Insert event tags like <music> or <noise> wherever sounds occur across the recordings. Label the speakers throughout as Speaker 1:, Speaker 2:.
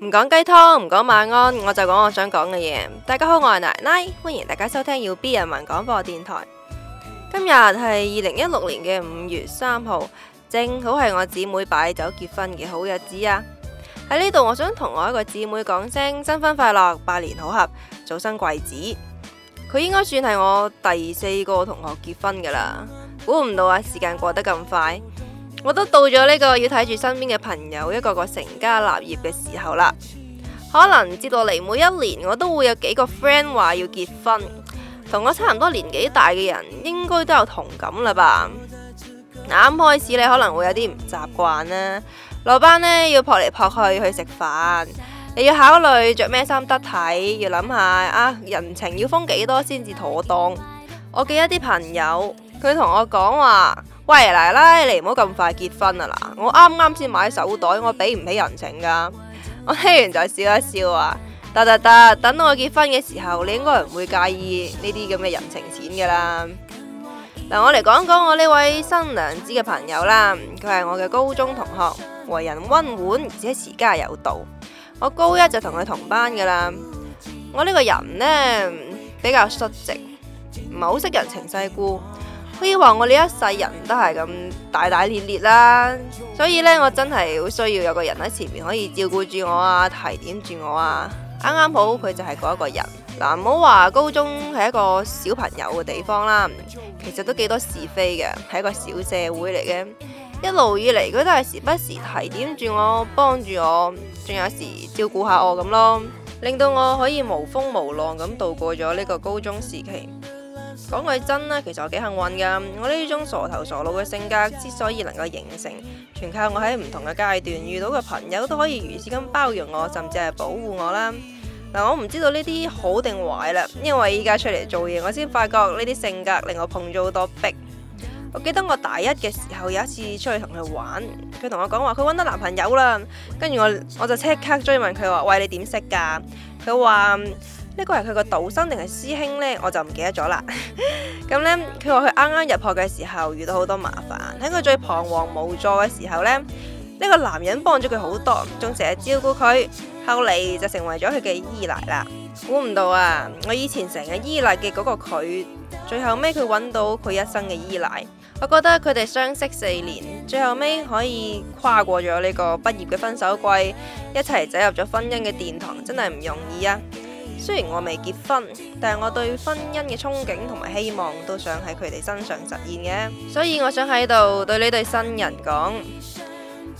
Speaker 1: 唔講雞湯，唔講晚安，我就講我想講嘅嘢。大家好，我係奶奶，歡迎大家收聽要 B 人民廣播電台。今日係二零一六年嘅五月三號，正好係我姊妹擺酒結婚嘅好日子啊！喺呢度，我想同我一個姊妹講聲新婚快樂，百年好合，早生貴子。佢應該算係我第四個同學結婚㗎喇，估唔到啊！時間過得咁快。我都到咗呢個要睇住身邊嘅朋友一個個成家立業嘅時候啦，可能接落嚟每一年我都會有幾個 friend 話要結婚，同我差唔多年紀大嘅人應該都有同感啦吧。啱開始你可能會有啲唔習慣啦，落班呢要撲嚟撲去去食飯，你要考慮着咩衫得體，要諗下啊，人情要封幾多先至妥當。我記得啲朋友佢同我講話。喂，奶奶，你唔好咁快結婚啊！嗱，我啱啱先買手袋，我俾唔起人情噶。我聽完就笑一笑啊，得得得，等到我結婚嘅時候，你應該唔會介意呢啲咁嘅人情錢噶啦。嗱，我嚟講講我呢位新娘子嘅朋友啦，佢係我嘅高中同學，為人温婉而且持家有道。我高一就同佢同班噶啦。我呢個人呢，比較率直，唔係好識人情世故。可以話我呢一世人都係咁大大咧咧啦，所以呢，我真係好需要有個人喺前面可以照顧住我啊，提點住我啊。啱啱好，佢就係嗰一個人嗱。唔好話高中係一個小朋友嘅地方啦，其實都幾多是非嘅，係一個小社會嚟嘅。一路以嚟，佢都係時不時提點住我，幫住我，仲有時照顧下我咁咯，令到我可以無風無浪咁度過咗呢個高中時期。講句真啦，其實我幾幸運噶。我呢種傻頭傻腦嘅性格之所以能夠形成，全靠我喺唔同嘅階段遇到嘅朋友都可以如此咁包容我，甚至係保護我啦。嗱、嗯，我唔知道呢啲好定壞啦，因為依家出嚟做嘢，我先發覺呢啲性格令我碰咗好多壁。我記得我大一嘅時候有一次出去同佢玩，佢同我講話，佢搵到男朋友啦，跟住我我就即刻追問佢話：喂，你點識噶？佢話。呢個係佢個導生定係師兄呢？我就唔記得咗啦。咁 <laughs> 呢，佢話佢啱啱入學嘅時候遇到好多麻煩，喺佢最彷徨無助嘅時候呢，呢、呢個男人幫咗佢好多，仲成日照顧佢。後嚟就成為咗佢嘅依賴啦。估唔到啊！我以前成日依賴嘅嗰個佢，最後尾佢揾到佢一生嘅依賴。我覺得佢哋相識四年，最後尾可以跨過咗呢個畢業嘅分手季，一齊走入咗婚姻嘅殿堂，真係唔容易啊！雖然我未結婚，但係我對婚姻嘅憧憬同埋希望都想喺佢哋身上實現嘅，所以我想喺度對呢對新人講：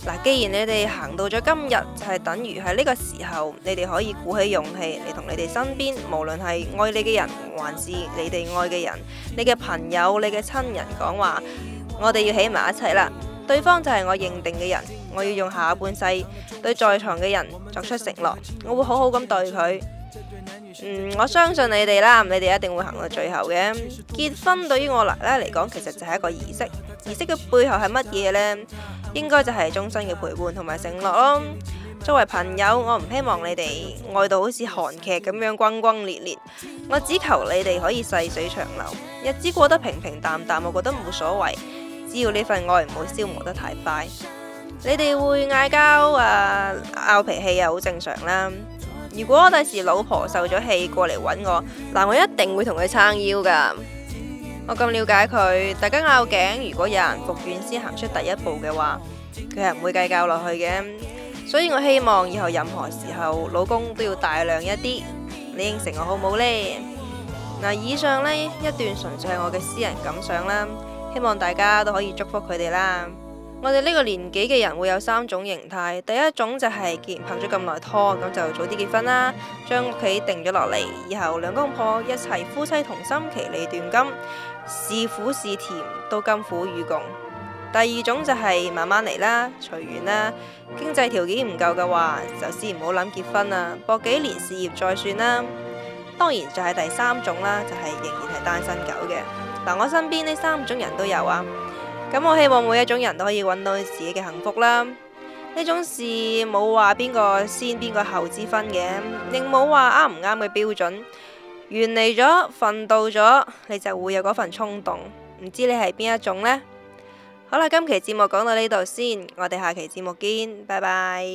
Speaker 1: 嗱，既然你哋行到咗今日，就係等於喺呢個時候，你哋可以鼓起勇氣嚟同你哋身邊無論係愛你嘅人，還是你哋愛嘅人，你嘅朋友、你嘅親人講話，我哋要起埋一齊啦！對方就係我認定嘅人，我要用下半世對在場嘅人作出承諾，我會好好咁對佢。嗯，我相信你哋啦，你哋一定會行到最後嘅。結婚對於我嚟呢嚟講，其實就係一個儀式。儀式嘅背後係乜嘢呢？應該就係終身嘅陪伴同埋承諾咯。作為朋友，我唔希望你哋愛到好似韓劇咁樣轟轟烈烈，我只求你哋可以細水長流，日子過得平平淡淡，我覺得冇所謂。只要呢份愛唔會消磨得太快，你哋會嗌交啊，拗脾氣啊，好正常啦。如果我第時老婆受咗氣過嚟揾我嗱，我一定會同佢撐腰噶。我咁了解佢，大家拗頸，如果有人服軟先行出第一步嘅話，佢係唔會計較落去嘅。所以我希望以後任何時候老公都要大量一啲，你應承我好唔好呢？嗱，以上呢一段純粹係我嘅私人感想啦，希望大家都可以祝福佢哋啦。我哋呢個年紀嘅人會有三種形態，第一種就係既然拍咗咁耐拖，咁就早啲結婚啦，將屋企定咗落嚟，以後兩公婆一齊，夫妻同心，其利斷金，是苦是甜都甘苦與共。第二種就係慢慢嚟啦，隨緣啦，經濟條件唔夠嘅話，就先唔好諗結婚啦，搏幾年事業再算啦。當然就係第三種啦，就係、是、仍然係單身狗嘅。嗱，我身邊呢三種人都有啊。咁我希望每一種人都可以揾到自己嘅幸福啦，呢種事冇話邊個先邊個後之分嘅，亦冇話啱唔啱嘅標準，原嚟咗，奮鬥咗，你就會有嗰份衝動，唔知你係邊一種呢？好啦，今期節目講到呢度先，我哋下期節目見，拜拜。